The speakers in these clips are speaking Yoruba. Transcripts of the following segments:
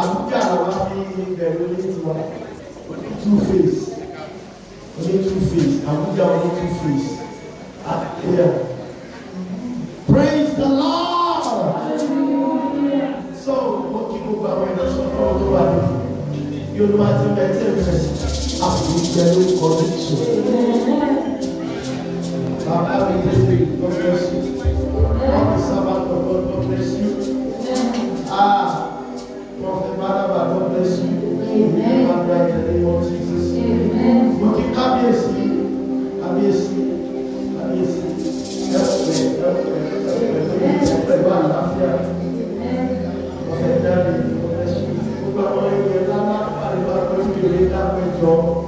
Àbújá àwọn fi bẹ̀rẹ̀ ní tiwa oní two face oní two face Àbújá oní two face àkìyà. Praise the Lord! So mo kí gbogbo àwọn ènìyàn sọ fún ọdún wa ní Yorùbá ti bẹ̀rẹ̀ tẹ̀lé àbújá ló kọ́ ní ìṣòro. no.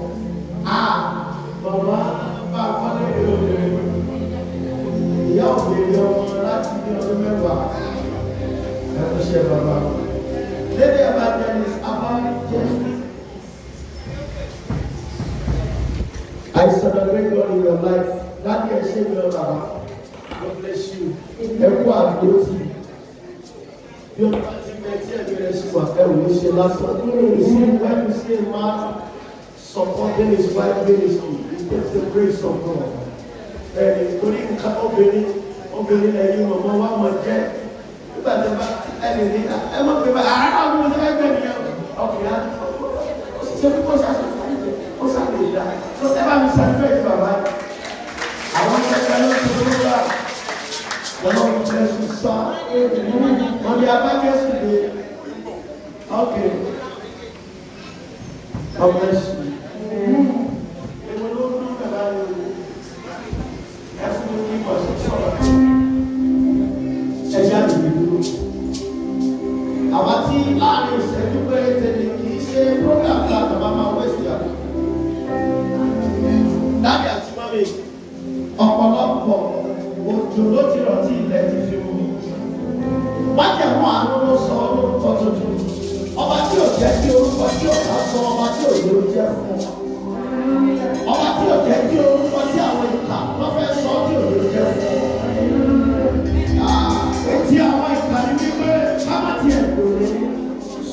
On the abacus today. Okay. God bless you.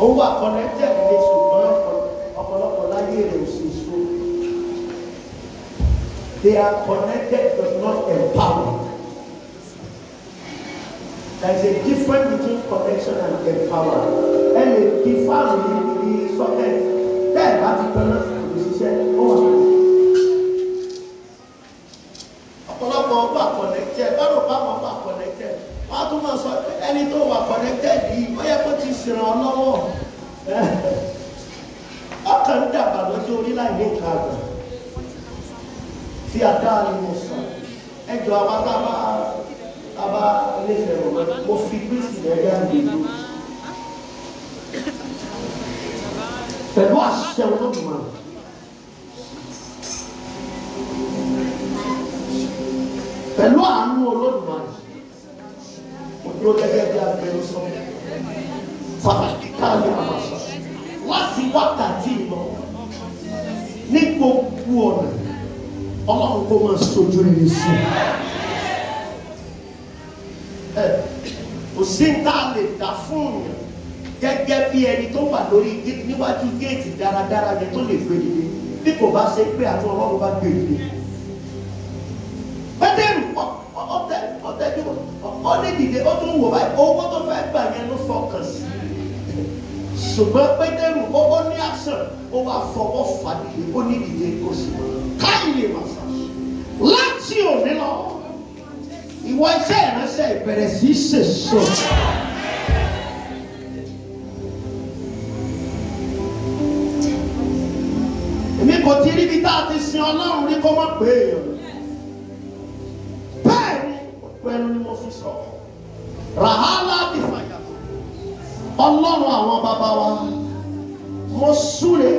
ó wà connected ní ṣùgbọ́n ọ̀pọ̀lọpọ̀ láyé rẹ̀ ò sì so they are connected but not empowered there is a difference between connection and empowerment ẹnì kí fáwọn yìí ní socket bẹ́ẹ̀ bá ti tọ́lá kò ṣiṣẹ́ ó wà ọ̀pọ̀lọpọ̀ wà connected báwo bá wọn wà connected wọ́n á tún máa sọ ẹni tó wà connected yìí ó yẹ kó ti sìnrán àgbékalẹ̀ tí a dá nínú sàn ẹjọ́ àwa tá a bá nífẹ̀ẹ́ rò mo fi kristi lẹ́yà nìyí pẹ̀lú àṣẹ olódùmarè. pẹ̀lú àánú olódùmarè mo dúró gẹ́gẹ́ bí abẹ́rẹ́ sọ́kùn. kó máa sojú rere eh, sí ẹ kò sí ń tá a lè dá fún yàn gẹ́gẹ́ bí ẹni tó wà lórí níwájú géètì dáradára yẹn tó lè gbé dìde bí kò bá ṣe pé àti ọlọ́run bá gbé dìde. pẹ́tẹ́rù ọ̀tẹ́ ọ̀tẹ́ ọ̀lẹ́ dìde ó tún wò báyìí owó tó fẹ́ gbà yẹn ló fọkàn sí ṣùgbọ́n pẹ́tẹ́rù ó ní àṣà ó wà fọwọ́ fà dìde ó ní dìde kò sí káyìí lè wà fà. ìwọ iṣẹ́ ìránṣẹ́ ìbẹ̀rẹ̀ sí í ṣèṣọ. èmi kò ti ríbi tá a ti sin ọlọ́run rí kó má pé èèyàn. bẹ́ẹ̀ ni òpó ẹnu ni mo fi sọ. ràhálà ti fàyà. ọlọ́run àwọn bàbá wa mo súre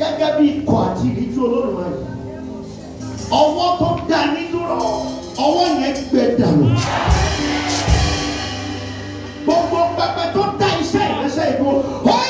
gẹ́gẹ́ bí ikọ̀ àti ìríjú olódùmarè. ọwọ́ tó dání ọwọ́ yẹn gbẹ dànù. gbogbo pẹpẹ tó dá iṣẹ́ ìrẹsẹ̀ ìbò ó